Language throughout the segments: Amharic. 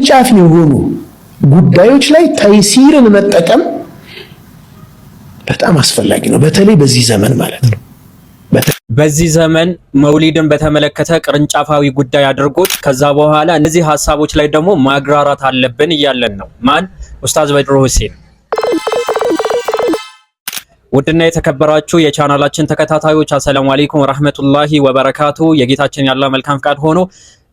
ቅርንጫፍ የሆኑ ጉዳዮች ላይ ተይሲርን መጠቀም በጣም አስፈላጊ ነው። በተለይ በዚህ ዘመን ማለት ነው። በዚህ ዘመን መውሊድን በተመለከተ ቅርንጫፋዊ ጉዳይ አድርጎት ከዛ በኋላ እነዚህ ሀሳቦች ላይ ደግሞ ማግራራት አለብን እያለን ነው። ማን ኡስታዝ በድሮ ሁሴን። ውድና የተከበራችሁ የቻናላችን ተከታታዮች አሰላሙ አለይኩም ወራህመቱላሂ ወበረካቱ። የጌታችን ያለ መልካም ፍቃድ ሆኖ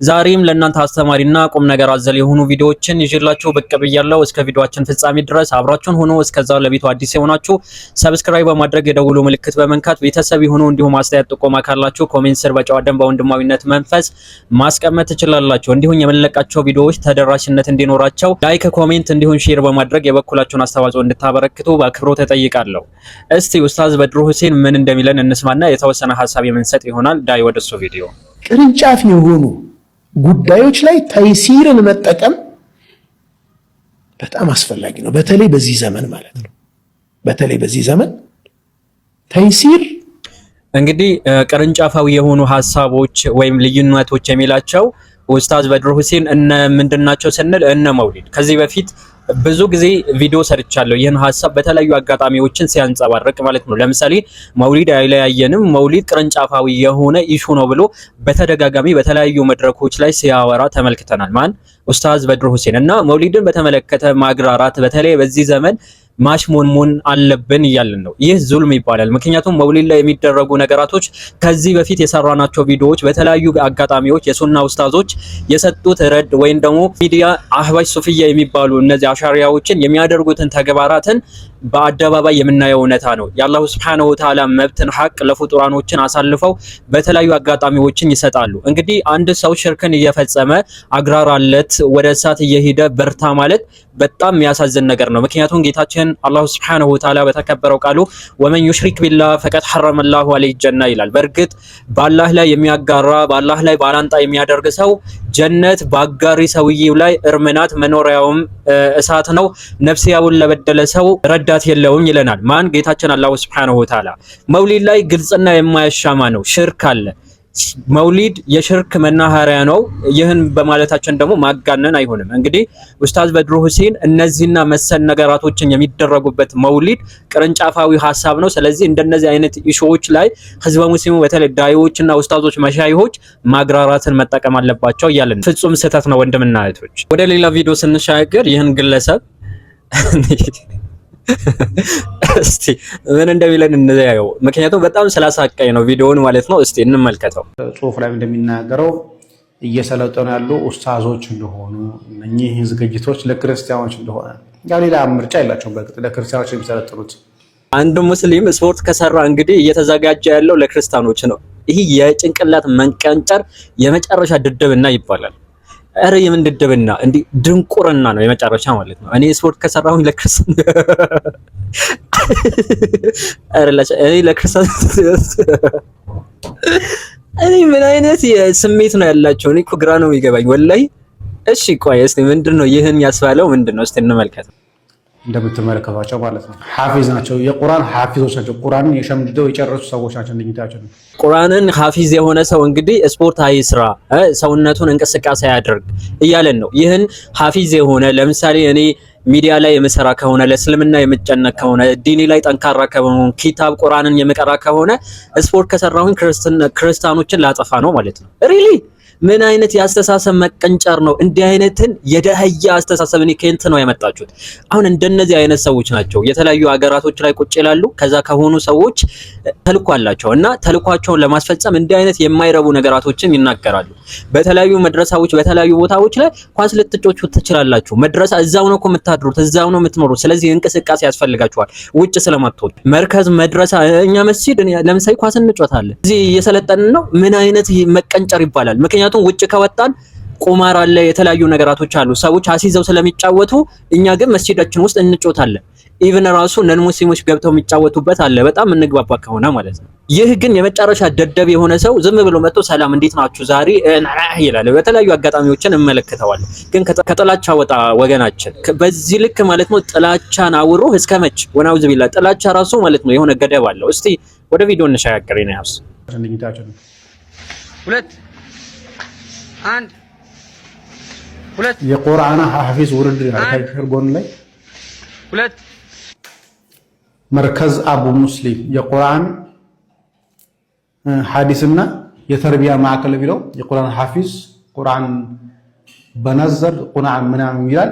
ዛሬም ለእናንተ አስተማሪና ቁም ነገር አዘል የሆኑ ቪዲዮዎችን ይዤላችሁ ብቅ ብያለሁ። እስከ ቪዲዮአችን ፍጻሜ ድረስ አብራችሁን ሆኖ እስከዛ ለቤቱ አዲስ የሆናችሁ ሰብስክራይብ በማድረግ የደውሉ ምልክት በመንካት ቤተሰብ የሆኑ እንዲሁም አስተያየት ጥቆማ ካላችሁ ኮሜንት ስር በጨዋ ደንብ በወንድማዊነት መንፈስ ማስቀመጥ ትችላላችሁ። እንዲሁም የምንለቃቸው ቪዲዮዎች ተደራሽነት እንዲኖራቸው ላይክ፣ ኮሜንት እንዲሁም ሼር በማድረግ የበኩላችሁን አስተዋጽኦ እንድታበረክቱ በአክብሮት እጠይቃለሁ። እስቲ ኡስታዝ በድሩ ሁሴን ምን እንደሚለን እንስማና የተወሰነ ሀሳብ የምንሰጥ ይሆናል። ዳይ ወደሱ ቪዲዮ ቅርንጫፍ የሆኑ ጉዳዮች ላይ ተይሲርን መጠቀም በጣም አስፈላጊ ነው። በተለይ በዚህ ዘመን ማለት ነው። በተለይ በዚህ ዘመን ተይሲር እንግዲህ ቅርንጫፋዊ የሆኑ ሀሳቦች ወይም ልዩነቶች የሚላቸው ኡስታዝ በድሩ ሁሴን እነ ምንድናቸው ስንል እነ መውሊድ ከዚህ በፊት ብዙ ጊዜ ቪዲዮ ሰርቻለሁ ይህን ሀሳብ በተለያዩ አጋጣሚዎችን ሲያንጸባርቅ ማለት ነው። ለምሳሌ መውሊድ አይለያየንም፣ መውሊድ ቅርንጫፋዊ የሆነ ኢሹ ነው ብሎ በተደጋጋሚ በተለያዩ መድረኮች ላይ ሲያወራ ተመልክተናል። ማን ኡስታዝ በድር ሁሴን እና መውሊድን በተመለከተ ማግራራት በተለይ በዚህ ዘመን ማሽሞንሞን አለብን እያልን ነው። ይህ ዙልም ይባላል። ምክንያቱም መውሊድ ላይ የሚደረጉ ነገራቶች ከዚህ በፊት የሰራናቸው ቪዲዮዎች በተለያዩ አጋጣሚዎች የሱና ውስታዞች የሰጡት ረድ ወይም ደግሞ ሚዲያ አህባሽ ሱፍያ የሚባሉ እነዚህ አሻሪያዎችን የሚያደርጉትን ተግባራትን በአደባባይ የምናየው እውነታ ነው። የአላሁ ስብሐነሁ ወተዓላ መብትን ሀቅ ለፍጡራኖችን አሳልፈው በተለያዩ አጋጣሚዎችን ይሰጣሉ። እንግዲህ አንድ ሰው ሽርክን እየፈጸመ አግራራለት ወደ እሳት እየሄደ በርታ ማለት በጣም የሚያሳዝን ነገር ነው። ምክንያቱም ጌታችን አላሁ ስብሐነሁ ወተዓላ በተከበረው ቃሉ ወመን ዩሽሪክ ቢላ ፈቀድ ሐረመላሁ ዐለይሂ ጀና ይላል። በእርግጥ በአላህ ላይ የሚያጋራ በአላህ ላይ ባላንጣ የሚያደርግ ሰው ጀነት በአጋሪ ሰውዬው ላይ እርምናት መኖሪያውም እሳት ነው። ነፍስያውን ለበደለ ሰው ረዳት የለውም ይለናል። ማን? ጌታችን አላሁ ስብሐነሁ ወተዓላ። መውሊድ ላይ ግልጽና የማያሻማ ነው። ሽርክ አለ። መውሊድ የሽርክ መናኸሪያ ነው። ይህን በማለታችን ደግሞ ማጋነን አይሆንም። እንግዲህ ኡስታዝ በድሩ ሁሴን እነዚህና መሰል ነገራቶችን የሚደረጉበት መውሊድ ቅርንጫፋዊ ሀሳብ ነው። ስለዚህ እንደነዚህ አይነት ኢሹዎች ላይ ህዝበ ሙስሊሙ በተለይ ዳይዎች ኡስታዞች መሻይሆች ማግራራትን መጠቀም አለባቸው እያለን ፍጹም ስህተት ነው። ወንድምና እህቶች ወደ ሌላ ቪዲዮ ስንሻገር ይህን ግለሰብ እስቲ ምን እንደሚለን እንያየው። ምክንያቱም በጣም ስላሳቀኝ ነው ቪዲዮውን ማለት ነው። እስቲ እንመልከተው። ጽሁፍ ላይ እንደሚናገረው እየሰለጠኑ ያሉ ኡስታዞች እንደሆኑ እኚህ ዝግጅቶች ለክርስቲያኖች እንደሆነ ያው ሌላ ምርጫ የላቸውም። በእርግጥ ለክርስቲያኖች የሚሰለጥኑት አንድ ሙስሊም ስፖርት ከሰራ እንግዲህ እየተዘጋጀ ያለው ለክርስቲያኖች ነው። ይህ የጭንቅላት መንቀንጨር የመጨረሻ ድድብና ይባላል። ኧረ የምን ድድብና ድንቁርና ነው የመጨረሻ ማለት ነው። እኔ ስፖርት ከሰራሁኝ ለክርስትና እኔ ለክርስትና እኔ ምን አይነት ስሜት ነው ያላቸው? እኔ እኮ ግራ ነው የሚገባኝ ወላይ። እሺ ቆይ እስቲ ምንድን ነው ይህን ያስባለው? ምንድን ነው እስቲ እንመልከት። እንደምትመለከቷቸው ማለት ነው። ሐፊዝ ናቸው። የቁርአን ሐፊዞች ናቸው። ቁርአንን የሸምድደው የጨረሱ ሰዎች ናቸው። እንደሚታያቸው ነው። ቁርአንን ሐፊዝ የሆነ ሰው እንግዲህ ስፖርት ስራ፣ ሰውነቱን እንቅስቃሴ ያደርግ እያለን ነው። ይህን ሐፊዝ የሆነ ለምሳሌ እኔ ሚዲያ ላይ የምሰራ ከሆነ ለእስልምና የምጨነቅ ከሆነ ዲኒ ላይ ጠንካራ ከሆነ ኪታብ ቁርአንን የምቀራ ከሆነ ስፖርት ከሰራሁኝ ክርስቲያኖችን ላጠፋ ነው ማለት ነው ሪሊ ምን አይነት የአስተሳሰብ መቀንጨር ነው? እንዲህ አይነትን የደህያ አስተሳሰብ እኔ ነው ያመጣችሁት። አሁን እንደነዚህ አይነት ሰዎች ናቸው የተለያዩ ሀገራቶች ላይ ቁጭ ይላሉ። ከዛ ከሆኑ ሰዎች ተልኮ አላቸው እና ተልኳቸውን ለማስፈጸም እንዲህ አይነት የማይረቡ ነገራቶችን ይናገራሉ። በተለያዩ መድረሳዎች፣ በተለያዩ ቦታዎች ላይ ኳስ ልትጮቹ ትችላላችሁ። መድረሳ እዛው ነው እኮ የምታድሩት፣ እዛው ነው የምትኖሩት። ስለዚህ እንቅስቃሴ ያስፈልጋችኋል። ውጭ ስለማትወጡ መርከዝ፣ መድረሳ እኛ መስጂድ ለምሳሌ ኳስ እንጮታለን። እዚህ እየሰለጠንን ነው። ምን አይነት መቀንጨር ይባላል ምክንያቱ ምክንያቱም ውጭ ከወጣን ቁማር አለ፣ የተለያዩ ነገራቶች አሉ፣ ሰዎች አሲዘው ስለሚጫወቱ፣ እኛ ግን መስጂዳችን ውስጥ እንጮታለን። ኢቭን ራሱ ነን ሙስሊሞች ገብተው የሚጫወቱበት አለ፣ በጣም እንግባባ ከሆነ ማለት ነው። ይህ ግን የመጨረሻ ደደብ የሆነ ሰው ዝም ብሎ መጥቶ ሰላም እንዴት ናችሁ ዛሬ ይላል። በተለያዩ አጋጣሚዎችን እንመለከተዋለን። ግን ከጥላቻ ወጣ ወገናችን፣ በዚህ ልክ ማለት ነው ጥላቻን አውሮ እስከ መች ወናውዝ ቢላ ጥላቻ ራሱ ማለት ነው የሆነ ገደብ አለው። እስቲ ወደ ቪዲዮ እንሸጋገር ነው ያስ ሁለት አንድ ሁለት የቁርአን ሐፊዝ ውርድ አርከር ጎን ላይ ሁለት መርከዝ አቡ ሙስሊም የቁርአን ሐዲስና የተርቢያ ማዕከል ቢለው የቁርአን ሐፊዝ ቁርአን በነዘር ቁርአን ምናምን ይላል።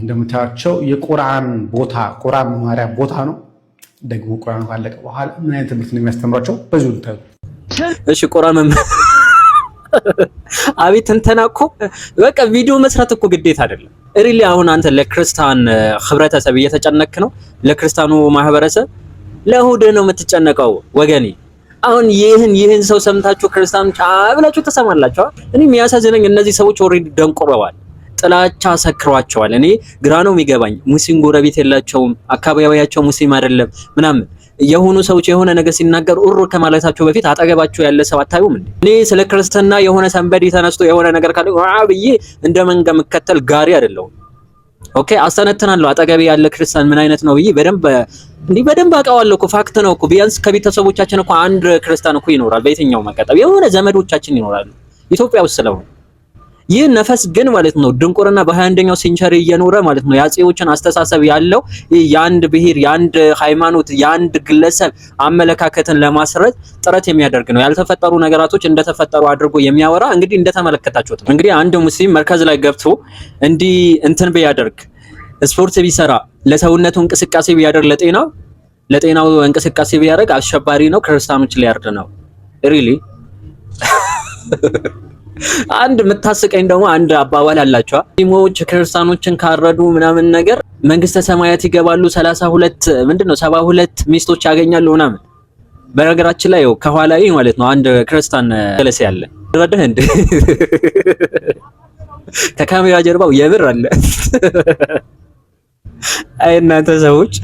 እንደምታያቸው የቁርአን ቦታ ቁርአን መማሪያ ቦታ ነው። ደግሞ ቁርአን ካለቀ በኋላ ምን አይነት ትምህርት ነው የሚያስተምራቸው? በዚሁ ልታዩ። እሺ ቁርአን አቤት እንተና እኮ በቃ ቪዲዮ መስራት እኮ ግዴታ አይደለም። እሪሊ አሁን አንተ ለክርስቲያን ህብረተሰብ እየተጨነክ ነው፣ ለክርስቲያኑ ማህበረሰብ ለእሁድ ነው የምትጨነቀው ወገኔ። አሁን ይህን ይህን ሰው ሰምታችሁ ክርስቲያኖች አብላችሁ ተሰማላችሁ። እኔ የሚያሳዝነኝ እነዚህ ሰዎች ኦልሬዲ ደንቁረዋል። ጥላቻ ሰክሯቸዋል። እኔ ግራ ነው የሚገባኝ። ሙስሊም ጎረቤት የላቸውም፣ አካባቢያቸው ሙስሊም አይደለም ምናምን የሆኑ ሰዎች የሆነ ነገር ሲናገር ኡር ከማለታቸው በፊት አጠገባቸው ያለ ሰው አታዩም እንዴ? እኔ ስለ ክርስትና የሆነ ሰንበዴ ተነስቶ የሆነ ነገር ካለ ብዬ እንደ መንጋ መከተል ጋሪ አይደለሁም። ኦኬ አስተነትናለሁ። አጠገቤ ያለ ክርስቲያን ምን አይነት ነው ብዬ በደንብ እንዲህ በደንብ አውቀዋለሁ እኮ ፋክት ነው እኮ ቢያንስ ከቤተሰቦቻችን እኮ አንድ ክርስቲያን እኮ ይኖራል። በየትኛው መቀጠብ የሆነ ዘመዶቻችን ይኖራሉ ኢትዮጵያ ውስጥ ስለሆነ ይህ ነፈስ ግን ማለት ነው ድንቁርና በ21ኛው ሴንቸሪ እየኖረ ማለት ነው የአጼዎችን አስተሳሰብ ያለው የአንድ ብሔር፣ የአንድ ሃይማኖት፣ የአንድ ግለሰብ አመለካከትን ለማስረት ጥረት የሚያደርግ ነው። ያልተፈጠሩ ነገራቶች እንደተፈጠሩ አድርጎ የሚያወራ እንግዲህ እንደተመለከታችሁት እንግዲህ አንድ ሙስሊም መርከዝ ላይ ገብቶ እንዲህ እንትን ቢያደርግ ስፖርት ቢሰራ ለሰውነቱ እንቅስቃሴ ቢያደርግ ለጤናው ለጤናው እንቅስቃሴ ቢያደርግ አሸባሪ ነው፣ ክርስቲያኖች ሊያርድ ነው ሪሊ አንድ የምታስቀኝ ደግሞ አንድ አባባል አላቸዋ ሙስሊሞች ክርስቲያኖችን ካረዱ ምናምን ነገር መንግስተ ሰማያት ይገባሉ፣ ሰላሳ ሁለት ምንድን ነው ሰባ ሁለት ሚስቶች ያገኛሉ ምናምን። በነገራችን ላይ ው ከኋላ ማለት ነው አንድ ክርስቲያን ገለሴ ያለ ረደህ እንደ ከካሜራ ጀርባው የብር አለ አይ እናንተ ሰዎች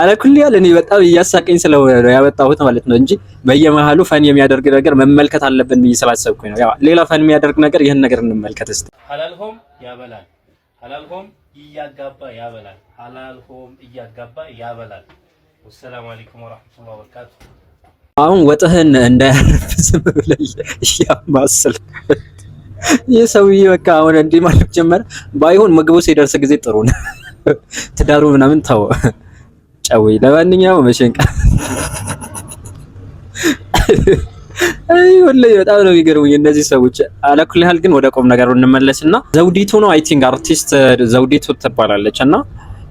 አለኩል ያለ እኔ በጣም እያሳቀኝ ስለሆነ ነው ያመጣሁት ማለት ነው እንጂ በየመሃሉ ፈን የሚያደርግ ነገር መመልከት አለብን ብዬ ስላሰብኩኝ ነው። ያው ሌላ ፈን የሚያደርግ ነገር ይህን ነገር እንመልከት እስቲ። ሆም ያበላል፣ ሆም እያጋባ ያበላል፣ ሆም እያጋባ ያበላል። ወሰላሙ አለይኩም ወራህመቱላሂ ወበረካቱ። አሁን ወጥህን እንዳያርፍ ዝም ብለህ እያማስል ይህ ሰውዬ በቃ አሁን እንዲህ ማለት ጀመረ። ባይሆን ምግቡ ሲደርስ ጊዜ ጥሩ ነው። ትዳሩ ምናምን ታው ጨዊ። ለማንኛውም መሸንቃ አይ ወላሂ በጣም ነው የሚገርሙኝ እነዚህ ሰዎች። አለኩል ያህል ግን ወደ ቆም ነገሩ እንመለስና ዘውዲቱ ነው አይ ቲንክ አርቲስት ዘውዲቱ ትባላለች እና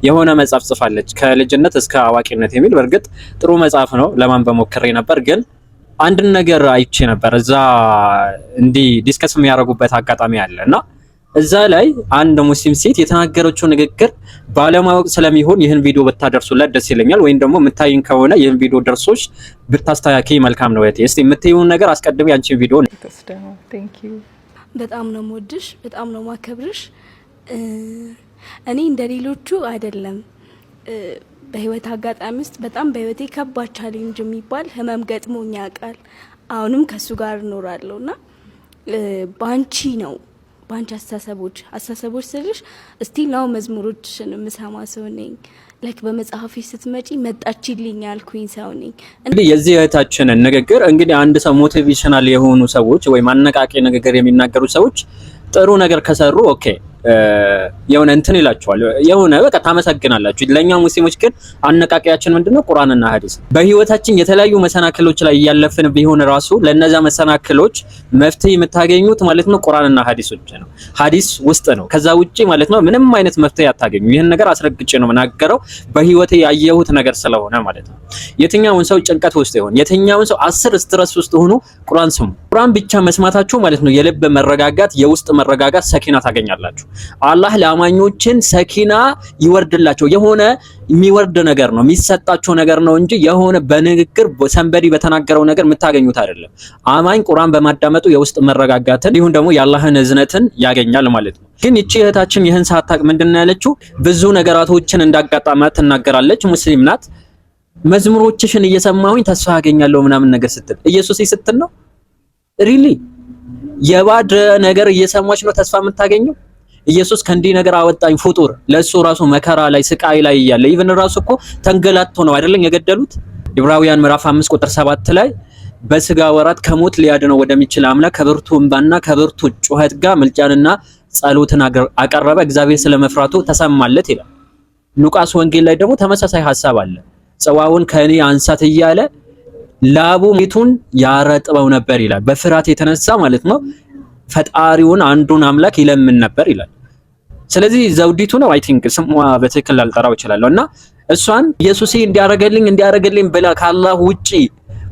የሆነ መጽሐፍ ጽፋለች ከልጅነት እስከ አዋቂነት የሚል በእርግጥ ጥሩ መጽሐፍ ነው። ለማንበብ ሞክሬ ነበር ግን አንድን ነገር አይቼ ነበር እዛ እንዲህ ዲስከስ የሚያደርጉበት አጋጣሚ አለ እና እዛ ላይ አንድ ሙስሊም ሴት የተናገረችው ንግግር ባለማወቅ ስለሚሆን ይህን ቪዲዮ ብታደርሱላት ደስ ይለኛል። ወይም ደግሞ የምታይን ከሆነ ይህን ቪዲዮ ደርሶች ብታስተካከይ መልካም ነው። እህቴ እስቲ የምትይውን ነገር አስቀድሜ ያንቺን ቪዲዮ በጣም ነው የምወድሽ፣ በጣም ነው ማከብርሽ። እኔ እንደ ሌሎቹ አይደለም በህይወት አጋጣሚ ውስጥ በጣም በህይወቴ ከባድ ቻሌንጅ የሚባል ህመም ገጥሞኝ ያውቃል። አሁንም ከሱ ጋር እኖራለሁ እና በአንቺ ነው በአንቺ አስተሳሰቦች አስተሳሰቦች ስልሽ እስቲ ናው መዝሙሮችን የምሰማ ሰው ነኝ። ላይክ በመጽሐፊ ስትመጪ መጣችልኝ ያልኩኝ ሰው ነኝ። እንግዲህ የዚህ እህታችንን ንግግር እንግዲህ አንድ ሰው ሞቲቬሽናል የሆኑ ሰዎች ወይም አነቃቂ ንግግር የሚናገሩ ሰዎች ጥሩ ነገር ከሰሩ ኦኬ የሆነ እንትን ይላችኋል። የሆነ በቃ ታመሰግናላችሁ። ለኛ ሙስሊሞች ግን አነቃቂያችን ምንድነው? ቁርአንና ሀዲስ በህይወታችን የተለያዩ መሰናክሎች ላይ እያለፍን ቢሆን ራሱ ለነዛ መሰናክሎች መፍትሄ የምታገኙት ማለት ነው ቁርአንና ሀዲሶች ነው፣ ሀዲስ ውስጥ ነው። ከዛ ውጪ ማለት ነው ምንም አይነት መፍትሄ አታገኙ። ይህን ነገር አስረግጬ ነው የምናገረው በህይወቴ ያየሁት ነገር ስለሆነ ማለት ነው። የትኛውን ሰው ጭንቀት ውስጥ ይሆን፣ የትኛውን ሰው አስር ስትረስ ውስጥ ሆኖ ቁርአን ስሙ። ቁርአን ብቻ መስማታችሁ ማለት ነው የልብ መረጋጋት፣ የውስጥ መረጋጋት ሰኪና ታገኛላችሁ። አላህ ለአማኞችን ሰኪና ይወርድላቸው የሆነ የሚወርድ ነገር ነው የሚሰጣቸው ነገር ነው እንጂ የሆነ በንግግር ሰንበዲ በተናገረው ነገር የምታገኙት አይደለም። አማኝ ቁርአን በማዳመጡ የውስጥ መረጋጋትን ይሁን ደግሞ የአላህን እዝነትን ያገኛል ማለት ነው። ግን ይቺ እህታችን ይህን ሳታቅ ምንድን ያለችው ብዙ ነገራቶችን እንዳጋጣማ ትናገራለች። ሙስሊም ናት። መዝሙሮችሽን እየሰማሁኝ ተስፋ ያገኛለሁ ምናምን ነገር ስትል ኢየሱስ ስትል ነው ሪሊ የባድ ነገር እየሰማች ነው ተስፋ የምታገኘው። ኢየሱስ ከእንዲህ ነገር አወጣኝ ፍጡር ለሱ ራሱ መከራ ላይ ስቃይ ላይ እያለ ኢቭን ራሱ እኮ ተንገላቶ ነው አይደለም የገደሉት። ዕብራውያን ምዕራፍ 5 ቁጥር 7 ላይ በስጋ ወራት ከሞት ሊያድነው ወደሚችል አምላክ ከብርቱ እንባና ከብርቱ ጩኸት ጋር ምልጃንና ጸሎትን አቀረበ፣ እግዚአብሔር ስለመፍራቱ ተሰማለት ይላል። ሉቃስ ወንጌል ላይ ደግሞ ተመሳሳይ ሀሳብ አለ። ጽዋውን ከእኔ አንሳት እያለ ላቡ ሜቱን ያረጥበው ነበር ይላል። በፍርሃት የተነሳ ማለት ነው ፈጣሪውን አንዱን አምላክ ይለምን ነበር ይላል። ስለዚህ ዘውዲቱ ነው አይ ቲንክ ስሟ በትክክል ላልጠራው እችላለሁ። እና እሷን ኢየሱሴ እንዲያረገልኝ እንዲያረገልኝ ብላ ካላሁ ውጪ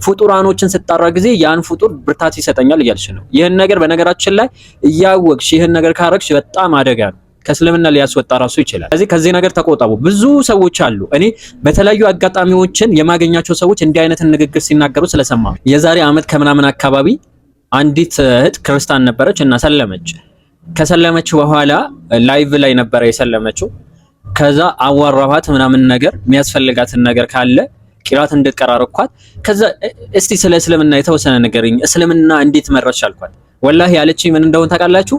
ፍጡራኖችን ስጠራ ጊዜ ያን ፍጡር ብርታት ይሰጠኛል እያልሽ ነው። ይህን ነገር በነገራችን ላይ እያወቅሽ ይህን ነገር ካረግሽ በጣም አደጋ ነው። ከእስልምና ሊያስወጣ ራሱ ይችላል። ስለዚህ ከዚህ ነገር ተቆጠቡ። ብዙ ሰዎች አሉ እኔ በተለያዩ አጋጣሚዎችን የማገኛቸው ሰዎች እንዲህ አይነትን ንግግር ሲናገሩ ስለሰማ የዛሬ ዓመት ከምናምን አካባቢ አንዲት እህት ክርስታን ነበረች እና ሰለመች። ከሰለመችው በኋላ ላይቭ ላይ ነበረ የሰለመችው። ከዛ አዋራኋት ምናምን ነገር የሚያስፈልጋትን ነገር ካለ ቂራት እንድትቀራርኳት። ከዛ እስቲ ስለ እስልምና የተወሰነ ነገር እስልምና እንዴት መረሽ አልኳት። ወላሂ ያለችኝ ምን እንደሆነ ታውቃላችሁ?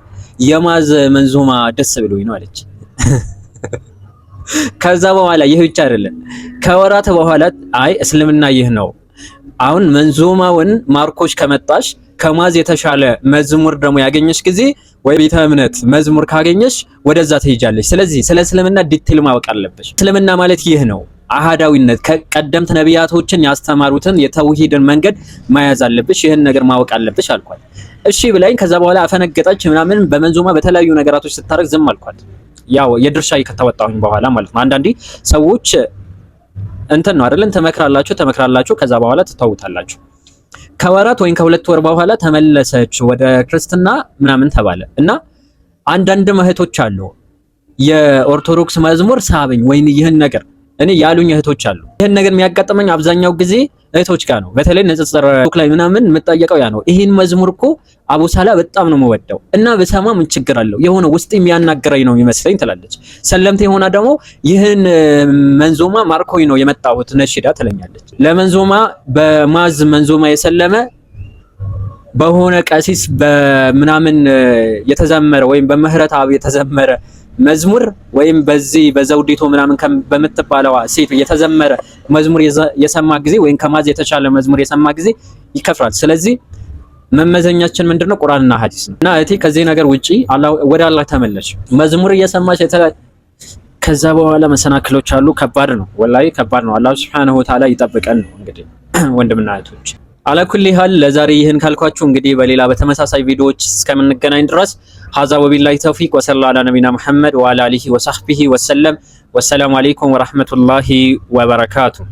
የማዝ መንዙማ ደስ ብሎኝ ነው አለች። ከዛ በኋላ ይህ ብቻ አይደለም፣ ከወራት በኋላ አይ እስልምና ይህ ነው አሁን መንዙማውን ማርኮች ከመጣሽ ከማዝ የተሻለ መዝሙር ደግሞ ያገኘሽ ጊዜ ወይ ቤተ እምነት መዝሙር ካገኘሽ ወደዛ ትሄጃለሽ። ስለዚህ ስለ እስልምና ዲቴል ማወቅ አለብሽ። እስልምና ማለት ይህ ነው። አሃዳዊነት ከቀደምት ነቢያቶችን ያስተማሩትን የተውሂድን መንገድ መያዝ አለብሽ። ይህን ነገር ማወቅ አለብሽ አልኳት። እሺ ብላኝ ከዛ በኋላ አፈነገጠች ምናምን በመንዙማ በተለያዩ ነገራቶች ስታደርግ ዝም አልኳት። ያው የድርሻ ከተወጣሁኝ በኋላ ማለት ነው። አንዳንዴ ሰዎች እንትን ነው አይደለን፣ ትመክራላችሁ ትመክራላችሁ፣ ከዛ በኋላ ትተውታላችሁ። ከወራት ወይም ከሁለት ወር በኋላ ተመለሰች ወደ ክርስትና ምናምን ተባለ እና አንዳንድ እህቶች አሉ የኦርቶዶክስ መዝሙር ሳብኝ ወይም ይህን ነገር እኔ ያሉኝ እህቶች አሉ። ይህን ነገር የሚያጋጥመኝ አብዛኛው ጊዜ እህቶች ጋር ነው። በተለይ ንጽጽር ላይ ምናምን የምጠየቀው ያ ነው። ይህን መዝሙር እኮ አቡሳላ በጣም ነው መወደው እና በሰማ ምን ችግር አለው የሆነ ውስጥ የሚያናግረኝ ነው የሚመስለኝ ትላለች። ሰለምት የሆና ደግሞ ይህን መንዞማ ማርኮኝ ነው የመጣሁት ነሽዳ ትለኛለች። ለመንዞማ በማዝ መንዞማ የሰለመ በሆነ ቀሲስ በምናምን የተዘመረ ወይም በምህረት አብ የተዘመረ መዝሙር ወይም በዚህ በዘውዲቱ ምናምን በምትባለዋ ሴት የተዘመረ መዝሙር የሰማ ጊዜ ወይም ከማዝ የተቻለ መዝሙር የሰማ ጊዜ ይከፍራል። ስለዚህ መመዘኛችን ምንድነው? ቁርአንና ሐዲስ ነው። እና እህቴ ከዚህ ነገር ውጪ ወደ አላህ ተመለሽ። መዝሙር እየሰማች ከዛ በኋላ መሰናክሎች አሉ። ከባድ ነው፣ ወላሂ ከባድ ነው። አላህ ሱብሓነሁ ወተዓላ ይጠብቀን ነው እንግዲህ ወንድምና እህቶች አላኩል ሀል ለዛሬ ይህን ካልኳችሁ እንግዲህ በሌላ በተመሳሳይ ቪዲዮዎች እስከምንገናኝ ድረስ ሀዛ ወቢላሂ ተውፊቅ ወሰላ አላ ነቢና መሐመድ ወአላ አሊሂ ወሳህቢሂ ወሰለም። ወሰላሙ አሌይኩም ወራህመቱላሂ ወበረካቱ።